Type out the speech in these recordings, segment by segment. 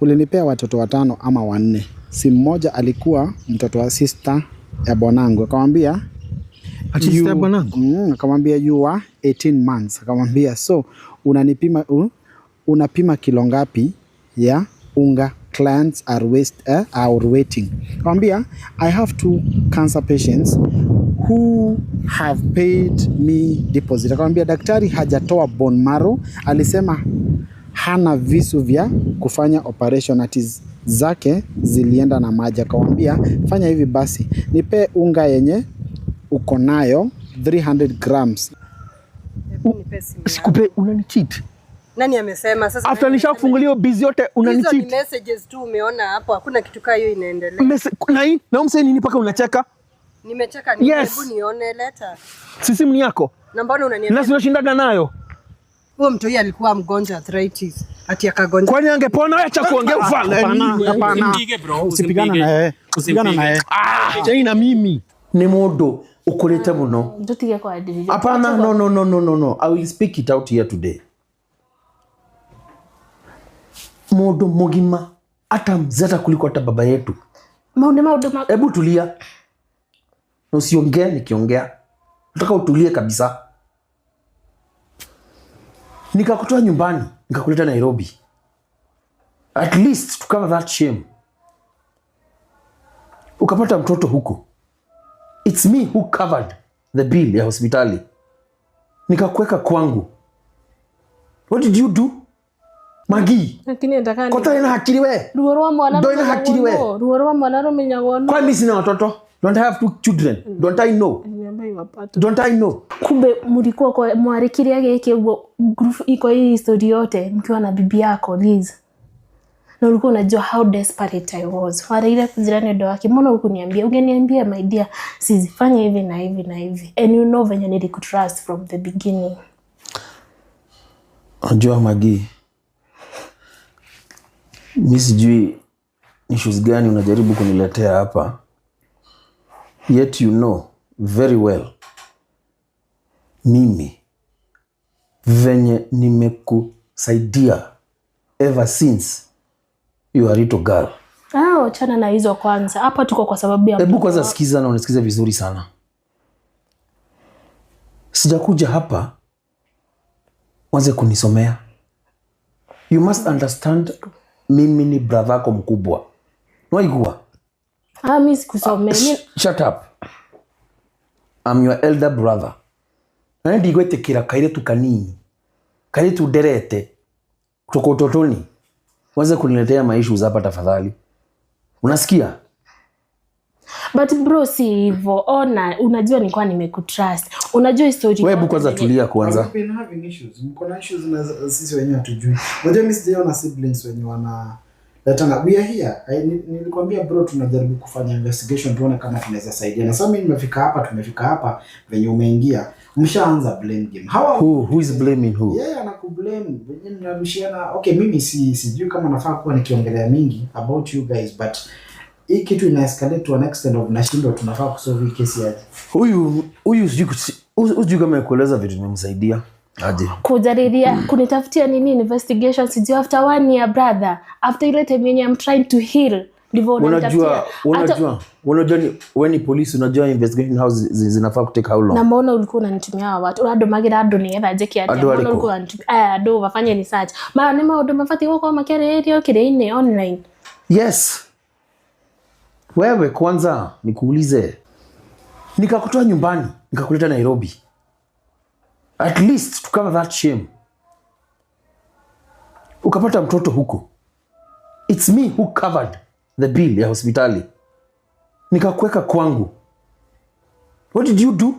Ulinipea watoto watano ama wanne. Si mmoja alikuwa mtoto wa sista ya bwanangu. Akamwambia sister Mm, akamwambia you 18 months. Akamwambia so unanipima uh, unapima kilo ngapi ya unga? Clients are waste, uh, are waiting. Akamwambia I have two cancer patients who have paid me deposit. Akamwambia daktari hajatoa bone marrow, alisema hana visu vya kufanya operation ati zake zilienda na maji, akawambia fanya hivi basi, nipe unga yenye uko nayo 300 grams. Sikupe, unanicheat. Nani amesema sasa? After nishakufungulia busy yote unanicheat. Hizo ni messages tu umeona hapo, hakuna kitu kaa hiyo inaendelea. Na umsee nini mpaka unacheka? Nimecheka, ni hebu nione leta. Si simu yako? Na mbona unaniambia? Na unashindaga nayo? huo mtu huyu alikuwa mgonjwa arthritis, ati akagonja. Kwani angepona? Wewe acha kuongea ufala. Hapana, usipigana na yeye, usipigana na yeye. Ah, na mimi ni mundu ukurite muno. Ndutige kwa adili. Hapana, no no no no no no. I will speak it out here today. Mundu mugima hata mzata kuliko hata baba yetu. Maune maudu ma. Hebu tulia. Usiongee nikiongea. Nataka utulie kabisa nikakutoa nyumbani nikakuleta Nairobi, at least to cover that shame, ukapata mtoto huko. It's me who covered the bill ya hospitali, nikakuweka kwangu. What did you do? Magi kota ina hakiri we ndo ina hakiri we kwani sina watoto don't I have two children don't I know mm. Don't I know? Kumbe mlikuwa kwa mwarikiria yake ugo group iko hii story yote mkiwa na bibi yako Liz. Na ulikuwa unajua how desperate I was. Wale ile kujirani ndo wake mbona ukuniambia? Ungeniambia my dear, sizifanye hivi na hivi na hivi. And you know venye nilikutrust from the beginning. Unajua Magi, mi sijui issues gani unajaribu kuniletea hapa, yet you know very well, mimi venye nimekusaidia ever since you are little girl. Ah, chana na hizo kwanza. Hapa tuko kwa sababu ya Hebu kwanza sikiza na unisikize vizuri sana. Sijakuja hapa wanze kunisomea. You must understand mimi ni brother yako mkubwa. Waigua. Ah, mimi sikusomea. Ah, shut up am your elder brother na ndigwitikira tu kanini tu nderete kutoka utotoni waze kuniletea maishu hapa tafadhali, unasikia? But bro, si hivo Ona, unajua nilikuwa nimekutrust. Unajua historia. Wewe kwanza tulia kwanza. Mko na issues na sisi wenyewe hatujui. Unajua mimi sijaona siblings wenye wana Datanga, we are here. Nilikwambia bro, tunajaribu kufanya investigation tuone kama tunaweza saidia. Na sasa mimi nimefika hapa, tumefika hapa venye umeingia. Mshaanza blame game. How who who is blaming who? Yeye Yeah, anakublame. Venye mnarushiana. Okay, mimi si sijui kama nafaa kuwa nikiongelea mingi about you guys but hii kitu ina escalate to an extent of nashindwa tunafaa kusolve hii kesi aje. Huyu huyu sijui sijui kama kueleza vitu nimemsaidia. Aje. mm. kunitafutia nini investigation sijui after one year brother after ile time yenye I'm trying to heal ndivyo unajua unajua unajua ni when police unajua investigation house zinafaa ku take how long na mbona ulikuwa unanitumia hawa watu ado magira ado ni either jeki ati mbona ulikuwa unanitumia eh ado wafanye ni search ma nema ado mafati wako kama makere area kile ine online yes wewe kwanza nikuulize nikakutoa nyumbani nikakuleta Nairobi at least to cover that shame, ukapata mtoto huko, it's me who covered the bill ya hospitali, nikakuweka kwangu. What did you do?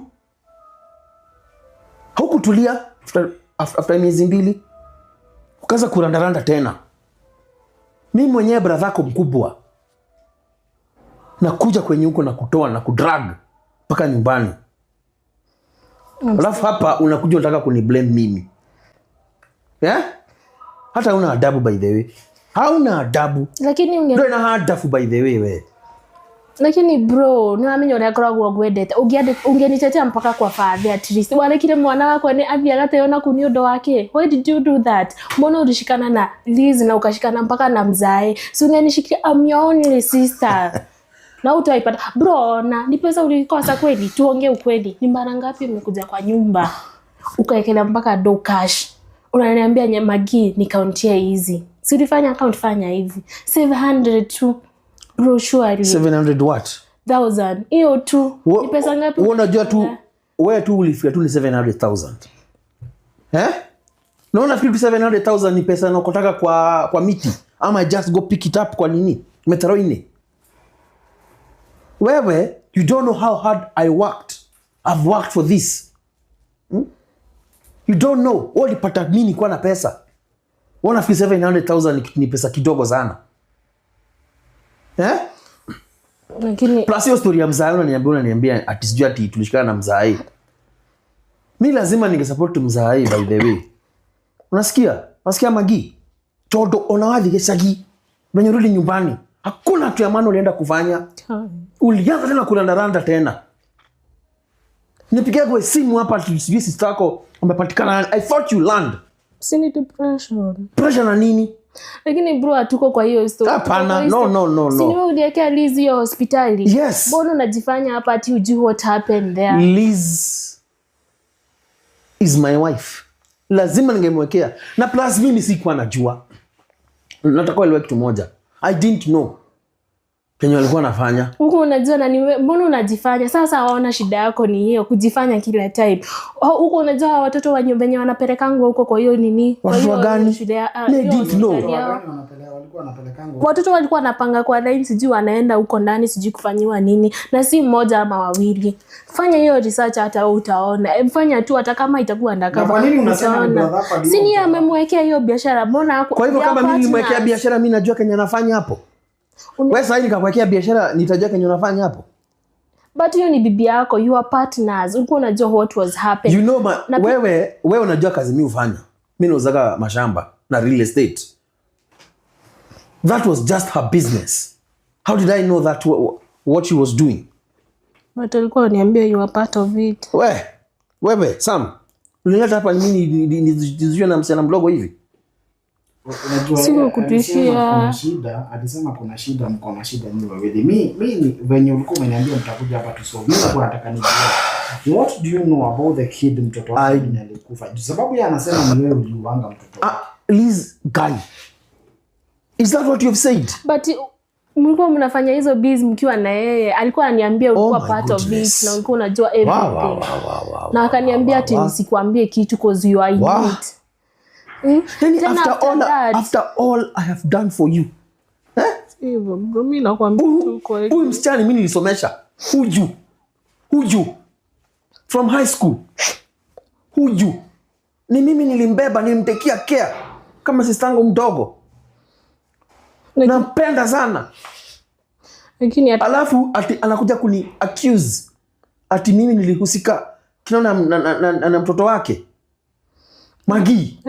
Haukutulia after, after miezi mbili ukaanza kurandaranda tena. Mi mwenyewe bradhako mkubwa nakuja kwenye huko na kutoa na kudrag mpaka nyumbani. Alafu hapa unakuja unataka kuni blame mimi yeah? Hata una adabu by the way, hauna adabu lakini unge... na adabu by the way wewe lakini bro ni wamenya uria ngoragwo ngwendete ungenitetea mpaka kwa fathe at least kile mwana wakwa ni athiaga teyona yona kuni undu wake why did you do that mbona ulishikana na Liz na ukashikana mpaka na mzae si ungenishikia I'm your only sister na utaipata bro, na ni pesa ulikosa kweli. tuonge ukweli, ni mara ngapi umekuja kwa nyumba ukaekelea mpaka do cash, unaniambia Nyamagi nikauntia hizi, si ulifanya account, fanya hivi 700 tu bro, sure 700 what thousand, hiyo tu ni pesa ngapi? Wewe unajua tu, wewe tu ulifika tu ni 700,000 eh? Naona fikiri 700,000 ni pesa na ukotaka kwa kwa miti ama just go pick it up. Kwa nini metaroine wewe, you don't know how hard I worked. I've worked for this. Hmm? You don't know. Ulipata mimi nilikuwa na pesa. wanafiki 700,000 ni pesa kidogo sana. Eh? Lakini plus hiyo story ya mzaa yule niambia unaniambia ati sijui ati tulishikana na mzaa hii. Mimi lazima ningesupport mzaa hii by the way. Unasikia? Unasikia Magi? Todo onawadhi gesagi. Mwenye rudi nyumbani hakuna tu ya maana ulienda kufanya. Ulianza tena kulandaranda tena, nipigia kwa simu hapa, sijui sister yako amepatikana. I thought you land si ni depression, pressure na nini lakini bro, hatuko kwa hiyo story. Hapana, no, no, no, no. Si wewe uliwekea Liz hiyo hospitali? Yes. Mbona unajifanya hapa ati hujui what happened there? Liz is my wife. Lazima ningemwekea. Na plus mimi sikuwa najua. Nataka nieleweke kitu moja. I didn't know. kenye walikuwa nafanya huku, unajua nani, mbona unajifanya sasa? Waona shida yako ni hiyo kujifanya kila time huku. Unajua watoto wa nyumba wenye wanapelekangwa huko, kwa hiyo nini, kwa hiyo gani ah, watoto walikuwa wanapanga kwa line, sijui wanaenda huko ndani, sijui kufanyiwa nini, na si mmoja ama wawili. Fanya hiyo research, hata wewe utaona. Fanya tu, hata kama itakuwa ndaka. Kwa nini unasema si ni amemwekea hiyo biashara? Mbona kwa hivyo, kama mimi nimwekea biashara, mimi najua kenye anafanya hapo wewe sasa nikakuwekea biashara nitajua kenye unafanya hapo. But hiyo ni bibi yako, you are partners. Ulikuwa unajua what was happening. You know ma, na wewe wewe unajua kazi mimi ufanya Mimi nauzaga mashamba na real estate. That was just her business. How did I know that what she was doing? But alikuwa uniambia you are part of it. Wewe, wewe Sam, ulileta hapa nini ni, nizijue na msichana mdogo hivi sikukutishia eh, shida. Alisema kuna shida, mko na shida nyinyi wawili. Mi mi venye ulikuwa umeniambia mtakuja hapa tusome, kwa nataka nijue what do you know about the kid, mtoto alikufa sababu yeye anasema ni wewe uliuanga mtoto. Ah, guy, is that what you've said? But mlikuwa mnafanya hizo biz mkiwa na yeye, alikuwa ananiambia oh ulikuwa oh part of this na ulikuwa unajua everything wow, wow, wow, wow, wow, na akaniambia wow, wow, wow. Ati nisikwambie kitu cause you are wow. in it Mm. Yaani Then after, after, all, that, after all I have done for you eh? Eh, huyu msichana mimi nilisomesha huju huju from high school huju ni mimi nilimbeba, nilimtekia care kama sistangu mdogo, nampenda sana lakini ati... alafu ati, anakuja kuni accuse ati mimi nilihusika kinaona na, na, na, na, na mtoto wake magi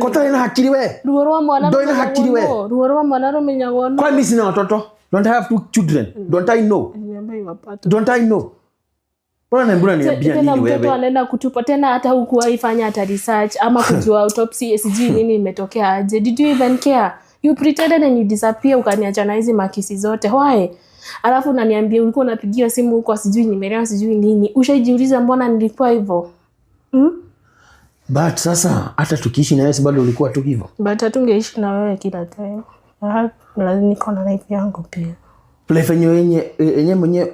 kotari ina hakiri we ruo rwa mwana ndoi na hakiri we ruo rwa mwana rumenyagwo no kwani sina watoto don't I have two children mm. don't I know don't I know Mbona naimbuna niambia nini wewe? Mtoto anaenda kutupa tena hata hukuwahi fanya hata research ama kujua autopsy SG nini imetokea aje. Did you even care? You pretended and you disappear ukaniacha na hizi makisi zote. Why? Alafu unaniambia ulikuwa unapigia simu huko sijui nimelewa sijui nini. Ushajiuliza mbona nilikuwa hivyo? Mm? But sasa hata tukiishi na wewe bado ulikuwa tu hivyo. But hatungeishi na wewe kila time. Lazima niko na life yangu pia. Life yenye yenye mwenye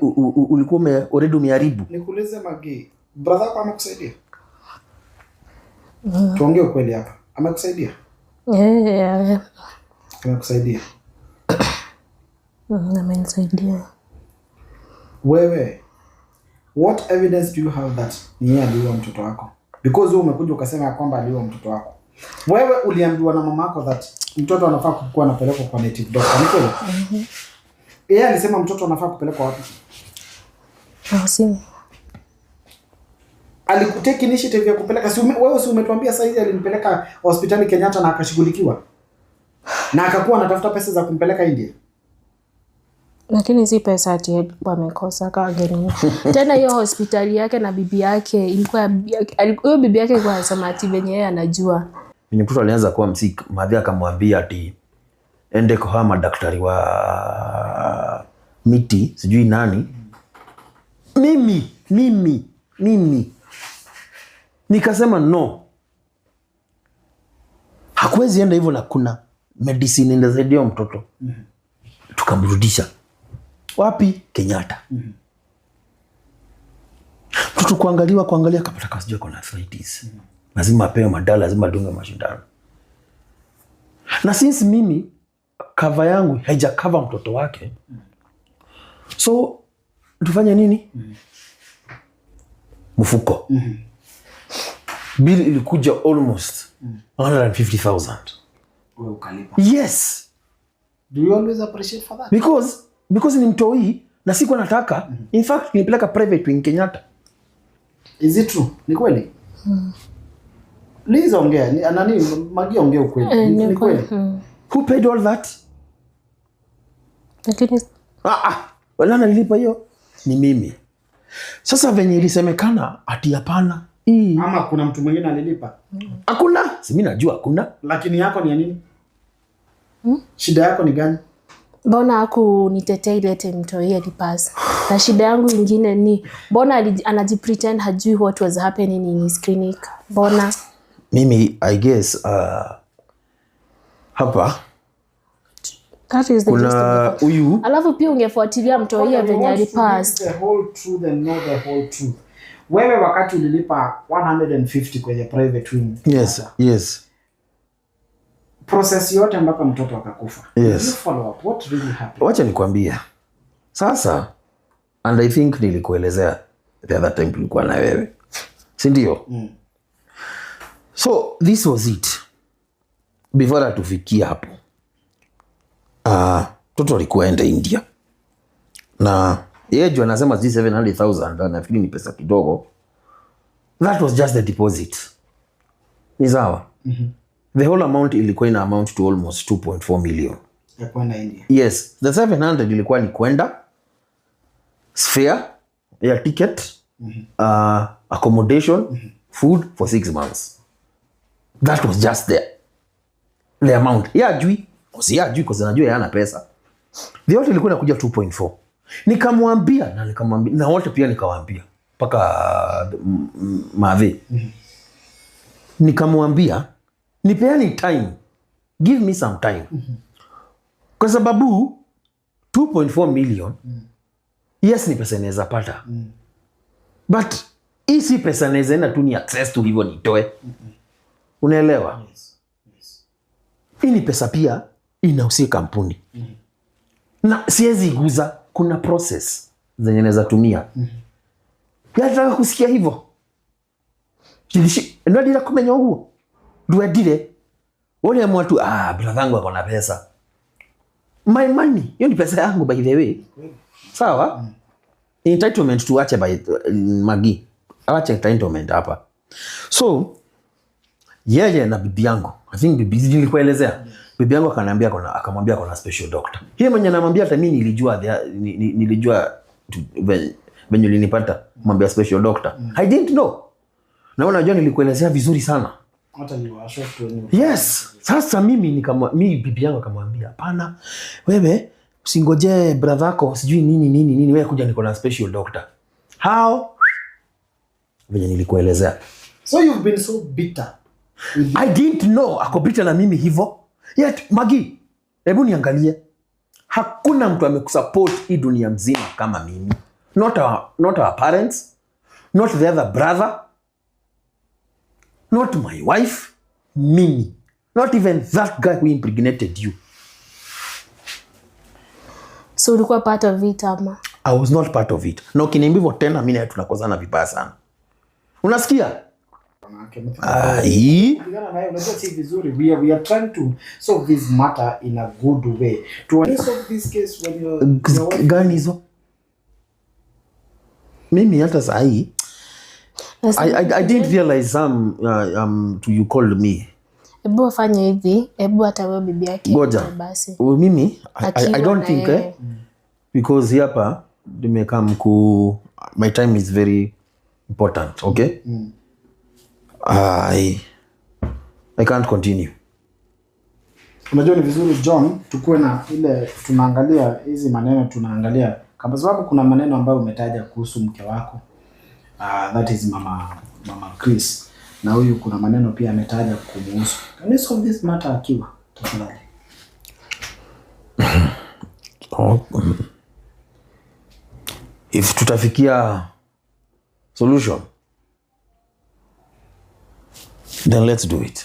ulikuwa ume already umeharibu. Nikuulize Magi, brother kwa amekusaidia? Mm. Tuongee ukweli hapa. Amekusaidia? Eh, yeah. yeah. Amekusaidia. Mm, amenisaidia. Wewe, what evidence do you have that ni yeye aliua mtoto wako? because wewe umekuja ukasema ya kwamba aliua mtoto wako. Wewe uliambiwa na mama yako that mtoto anafaa kuwa anapelekwa kwa native doctor, ni kweli? Mhm. Yeye alisema mtoto anafaa kupelekwa wapi? Asini. Alikuteki initiative ya kupeleka si wewe si umetuambia saa hizi alimpeleka hospitali Kenyatta na akashughulikiwa na akakuwa anatafuta pesa za kumpeleka India lakini si pesa ati wamekosa kageni tena. Hiyo hospitali yake na bibi yake ilikuwa huyo bibi yake ilikuwa anasema ati venye yeye anajua venye mtoto alianza kuwa msik, madhi akamwambia ati ende kwa madaktari wa miti sijui nani. Mimi mimi mimi nikasema no, hakuwezi enda hivyo, na kuna medicine inasaidia mtoto, mm-hmm. tukamrudisha wapi? Kenyatta. mm -hmm. kuangaliwa kuangalia kapata kazi kasijua kona arthritis. mm -hmm. Lazima apewe madawa, lazima adunge mashindano. Na since mimi kava yangu haijakava mtoto wake, so tufanye nini? mm -hmm. Mfuko mm -hmm. Bili ilikuja almost mm -hmm. 150,000. Yes. Do you always appreciate for that? Because because ni mtoi na siku anataka mm mm-hmm. in fact nipeleka private wing Kenyatta. Is it true? Ni kweli? Mm. Liza ongea, ni anani Magi ongea ukweli. Mm, ni, ni kweli. Mm. Who paid all that? Lakini ah ah, wala nilipa hiyo ni mimi. Sasa venye ilisemekana ati hapana. Hii. mm. Ama kuna mtu mwingine alilipa? Hakuna. Mm. Si mimi najua hakuna. Lakini yako ni ya nini? Mm? Shida yako ni gani? mbona aku nitetea ile temto hii alipasa. Na shida yangu ingine ni mbona anajipretend hajui what was happening in his clinic. Mbona mimi I guess uh, hapa That is the kuna huyu alafu pia ungefuatilia mtoia venye alipass the whole truth and not whole truth. Wewe wakati ulilipa 150 kwenye private room Yes, yes process yote ambapo mtoto akakufa. Yes. Follow up. What really happened? Wacha nikuambia Sasa and I think nilikuelezea the other time tulikuwa na wewe. Si ndio? Mm. So this was it. Before atufikia hapo. Ah, uh, mtoto alikuwa enda India. Na yeye juu anasema 700,000 nafikiri ni pesa kidogo. That was just the deposit. Ni sawa. Mm -hmm the whole amount ilikuwa ina amount to almost 2.4 million Yes, the 700 ilikuwa ni kwenda sphere ya ticket mm -hmm. uh, accommodation mm -hmm. food for six months that was just there the amount yajui kosi yajui kosi najua yana pesa the yote ilikuwa inakuja 2.4 nikamwambia na nikamwambia na wote pia nikawaambia mpaka mm, mm, mavi mm -hmm. nikamwambia nipeani time, give me some time mm -hmm. kwa sababu 2.4 million mm. -hmm. yes, ni pesa inaweza pata mm. -hmm. but hii si pesa naweza enda tu ni access tu hivyo nitoe mm -hmm. unaelewa? yes. yes. ni pesa pia inahusia kampuni mm -hmm. na siwezi guza, kuna process zenye naweza tumia mm yaani -hmm. yataka kusikia hivyo ndio dira kumenya huo Ndwendire. Wone mwatu ah, bila thangu na pesa. My money, hiyo ni pesa yangu by the way. Sawa? Mm. Entitlement tuache by mm, Magi. Awache entitlement hapa. So yeye na bibi yangu, I think bibi nilikuelezea. Bibi yangu akaniambia kona akamwambia kona special doctor. Yeye mwenye anamwambia hata mimi nilijua nilijua venye ulinipata mwambia special doctor. Mm. I didn't know. Na unajua nilikuelezea vizuri sana. Yes. Sasa mimi nikama, mimi bibi yangu akamwambia hapana, wewe usingojee bradhako sijui nini nini nini, wewe kuja, niko na special doctor. How? Vile nilikuelezea. So you've been so bitter. I didn't know ako bitter na mimi hivyo. Yet Magi, hebu niangalie. Hakuna mtu amekusupport hii dunia mzima kama mimi. Not our, not our parents, not the other brother not my wife, mimi, not even that guy who impregnated you. So ulikuwa part of it ama? I was not part of it. Na ukiniambia hivyo tena mi na tunakozana vibaya sana. Unasikia? gani hizo? Mimi hata sahii I, I, didn't realize um, uh, um, to you called me. Hebu afanye hivi, hebu hata wewe bibi yake. Ngoja. Mimi I, I, I don't think eh, because hapa nimekaa mkuu, my time is very important, okay? Mm. I, I can't continue. Unajua ni vizuri John, tukuwe na ile tunaangalia hizi maneno tunaangalia, kwa sababu kuna maneno ambayo umetaja kuhusu mke wako uh, that is mama mama Chris, na huyu kuna maneno pia ametaja kumuhusu. Can you solve this matter akiwa tafadhali? Oh, mm. If tutafikia solution then let's do it.